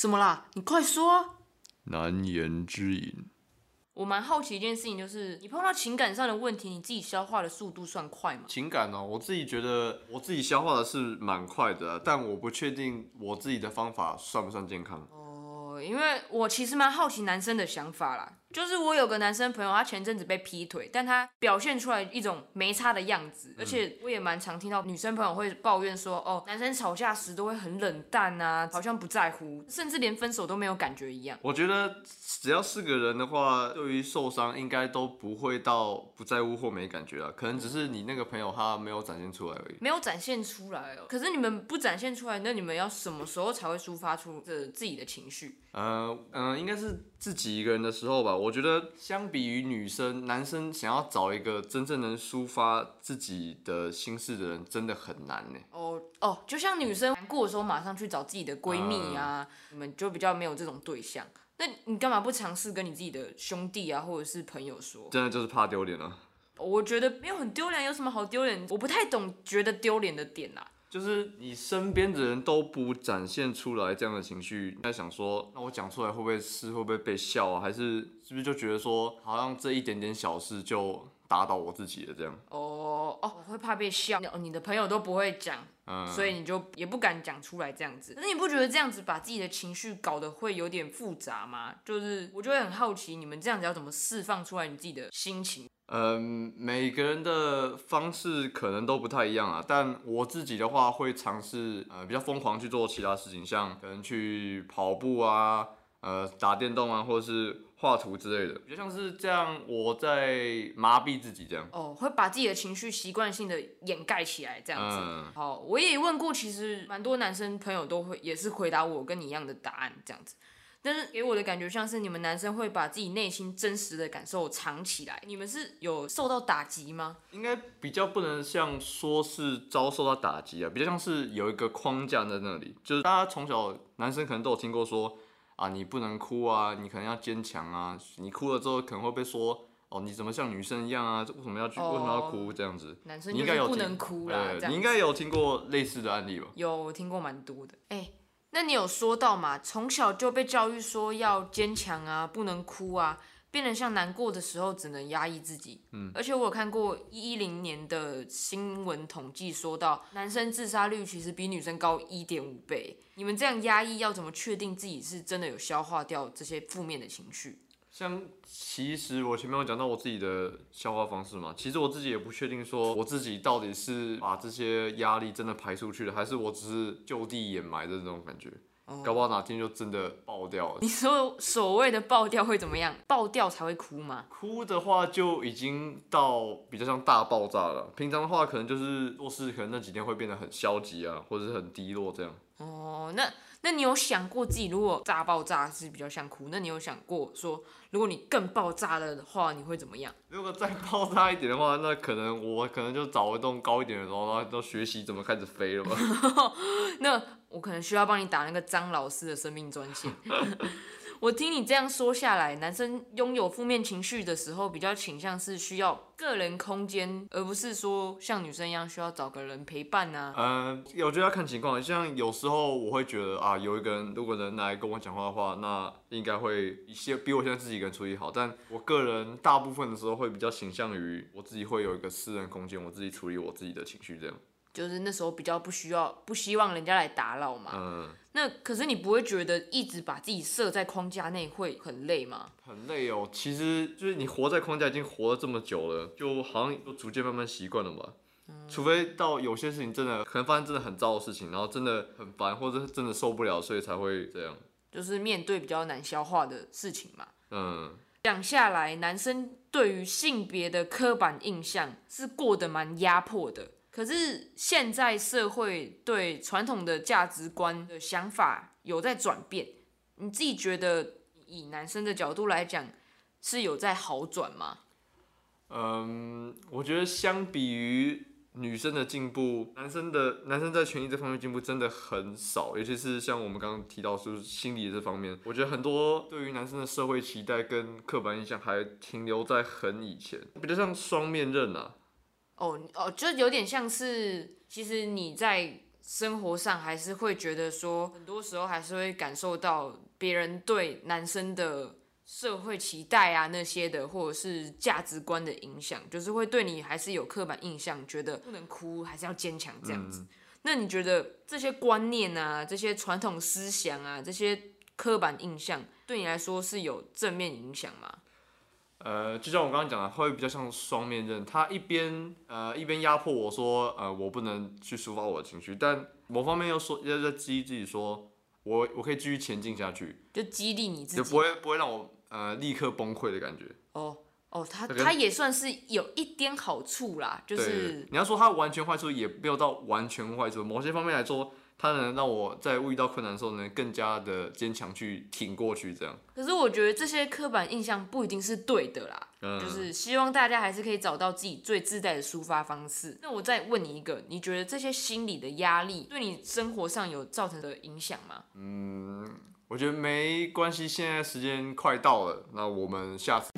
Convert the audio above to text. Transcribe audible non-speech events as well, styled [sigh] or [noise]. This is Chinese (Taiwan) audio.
怎麼啦？你快說啊！難言之隱。我蠻好奇一件事情，就是你碰到情感上的問題，你自己消化的速度算快嗎？情感哦，我自己覺得我自己消化的是蠻快的，但我不確定我自己的方法算不算健康。哦，因為我其實蠻好奇男生的想法啦。就是我有個男生朋友，他前陣子被劈腿，但他表現出來一種沒差的樣子，而且我也蠻常聽到女生朋友會抱怨說，哦，男生吵架時都會很冷淡啊，好像不在乎，甚至連分手都沒有感覺一樣。我覺得只要是個人的話，對於受傷應該都不會到不在乎或沒感覺啊，可能只是你那個朋友他沒有展現出來而已。沒有展現出來哦，可是你們不展現出來，那你們要什麼時候才會抒發出這自己的情緒？嗯嗯、呃呃，應該是自己一個人的時候吧。我覺得相比於女生，男生想要找一個真正能抒發自己的心事的人，真的很難呢、欸。哦哦，就像女生難過的時候，馬上去找自己的閨蜜啊，嗯、你們就比較沒有這種對象。那你幹嘛不嘗試跟你自己的兄弟啊，或者是朋友說？真的就是怕丟臉了。Oh, 我覺得沒有很丟臉，有什麼好丟臉？我不太懂，覺得丟臉的點啊。就是你身邊的人都不展現出來這樣的情緒，你在想說，那我講出來會不會是會不會被笑啊？還是是不是就覺得說，好像這一點點小事就打倒我自己了這樣？哦哦，我會怕被笑。你的朋友都不會講，嗯，所以你就也不敢講出來這樣子。可是你不覺得這樣子把自己的情緒搞得會有點複雜嗎？就是我就會很好奇，你們這樣子要怎麼釋放出來你自己的心情？嗯，每個人的方式可能都不太一樣啊。但我自己的話會，會嘗試呃比較瘋狂去做其他事情，像可能去跑步啊，呃打電動啊，或者是畫圖之類的。比較像是這樣，我在麻痹自己這樣。哦，會把自己的情緒習慣性的掩蓋起來這樣子。嗯、好，我也問過，其實蠻多男生朋友都會也是回答我跟你一樣的答案這樣子。但是給我的感覺像是你們男生會把自己內心真實的感受藏起來，你們是有受到打擊嗎？應該比較不能像說是遭受到打擊啊，比較像是有一個框架在那裡，就是大家從小男生可能都有聽過說啊，你不能哭啊，你可能要堅強啊，你哭了之後可能會被說哦，你怎麼像女生一樣啊？為什麼要去？Oh, 為什麼要哭這樣子？男生應該有不能哭啦，你應該有聽過類似的案例吧？有聽過蠻多的，哎、欸。那你有說到嘛，從小就被教育說要堅強啊，不能哭啊，變得像難過的時候只能壓抑自己。嗯，而且我有看過一零年的新聞統計，說到男生自殺率其實比女生高一點五倍。你們這樣壓抑，要怎麼確定自己是真的有消化掉這些負面的情緒？像其實我前面有講到我自己的消化方式嘛，其實我自己也不確定說我自己到底是把這些壓力真的排出去了，還是我只是就地掩埋的這種感覺，哦、搞不好哪天就真的爆掉了。你說所謂的爆掉會怎麼樣？爆掉才會哭嗎？哭的話就已經到比較像大爆炸了。平常的話可能就是做事可能那幾天會變得很消極啊，或者是很低落這樣。哦，那。那你有想過自己如果炸爆炸是比較想哭？那你有想過說，如果你更爆炸了的話，你會怎麼樣？如果再爆炸一點的話，那可能我可能就找一棟高一點的樓，然後都學習怎麼開始飛了嘛。 [laughs] 那我可能需要幫你打那個張老師的生命專線。 [laughs] [laughs] 我聽你這樣說下來，男生擁有負面情緒的時候，比較傾向是需要個人空間，而不是說像女生一樣需要找個人陪伴呢、啊？嗯，我覺得要看情況，像有時候我會覺得啊，有一個人如果能來跟我講話的話，那應該會一些比我現在自己一個人處理好。但我個人大部分的時候會比較傾向於我自己會有一個私人空間，我自己處理我自己的情緒這樣。就是那時候比較不需要，不希望人家來打擾嘛。嗯。那可是你不會覺得一直把自己設在框架內會很累嗎？很累哦，其實就是你活在框架已經活了這麼久了，就好像都逐漸慢慢習慣了吧。嗯。除非到有些事情真的可能發生，真的很糟的事情，然後真的很煩，或者真的受不了，所以才會這樣。就是面對比較難消化的事情嘛。嗯。講下來，男生對於性別的刻板印象是過得蠻壓迫的。可是現在社會對傳統的價值觀的想法有在轉變，你自己覺得以男生的角度來講是有在好轉嗎？嗯，我覺得相比於女生的進步，男生的男生在權益這方面進步真的很少，尤其是像我們剛剛提到，就是心理這方面，我覺得很多對於男生的社會期待跟刻板印象還停留在很以前，比較像雙面刃啊。哦哦，oh, oh, 就有點像是，其實你在生活上還是會覺得說，很多時候還是會感受到別人對男生的社會期待啊那些的，或者是價值觀的影響，就是會對你還是有刻板印象，覺得不能哭還是要堅強這樣子。嗯。那你覺得這些觀念啊，這些傳統思想啊，這些刻板印象對你來說是有正面影響嗎？呃，就像我剛剛講的，會比較像雙面刃，他一邊呃一邊壓迫我說，呃，我不能去抒發我的情緒，但某方面又說，又在激自己說，說我我可以繼續前進下去，就激勵你自己，就不會不會讓我呃立刻崩潰的感覺。哦哦，oh, oh，他他也算是有一點好處啦，就是，對對對，你要說他完全壞處，也沒有到完全壞處，某些方面來說。它能讓我在遇到困難的時候，能更加的堅強去挺過去，這樣。可是我覺得這些刻板印象不一定是對的啦，嗯、就是希望大家還是可以找到自己最自在的抒發方式。那我再問你一個，你覺得這些心理的壓力對你生活上有造成的影響嗎？嗯，我覺得沒關係。現在時間快到了，那我們下次。